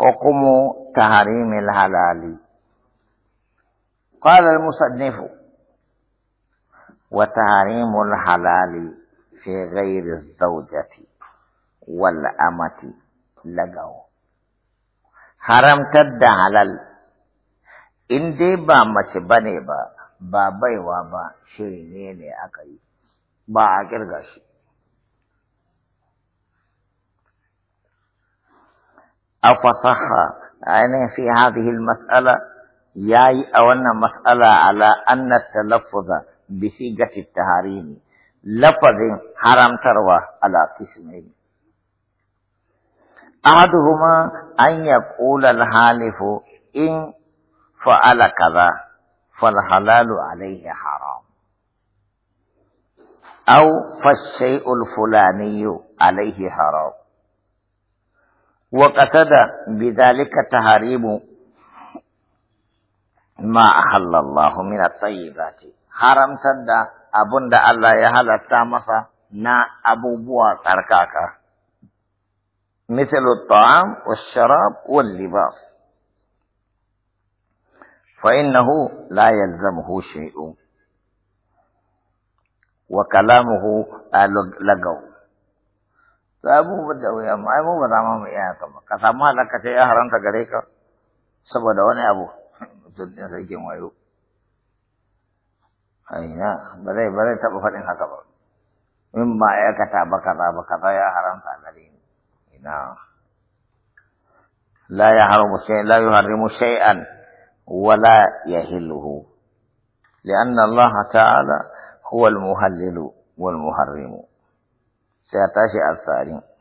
حكم تحريم الحلال قال المصنف وتحريم الحلال في غير الزوجة والأمة لقوا haramtar da halal in dai ba mace ba ne ba ba baiwa ba shiri ne ne aka yi ba a ƙirga shi أفصح أنا في هذه المسألة ياي أو أن مسألة على أن التلفظ بصيغة التحريم لفظ حرام تروى على قسمين أحدهما أن يقول الحالف إن فعل كذا فالحلال عليه حرام أو فالشيء الفلاني عليه حرام وقصد بذلك تهريب ما أحل الله من الطيبات حرم تدى أبن دا الله يهل التامسة نا أبو بوا تركاكا مثل الطعام والشراب واللباس فإنه لا يلزمه شيء وكلامه لقوم to abubuwan da wuya mu ai mu ba za mu iya haka ba ka samu halaka ce ya haramta gare ka saboda wani abu mutum ɗin sarkin wayo aina ba zai ba zai taɓa faɗin haka ba in ba aikata ba kaza ba kaza ya haramta gare ni ina la ya haramu shay la yuharrimu shay'an wala yahilluhu لأن الله تعالى هو المهلل والمحرم se ya tashi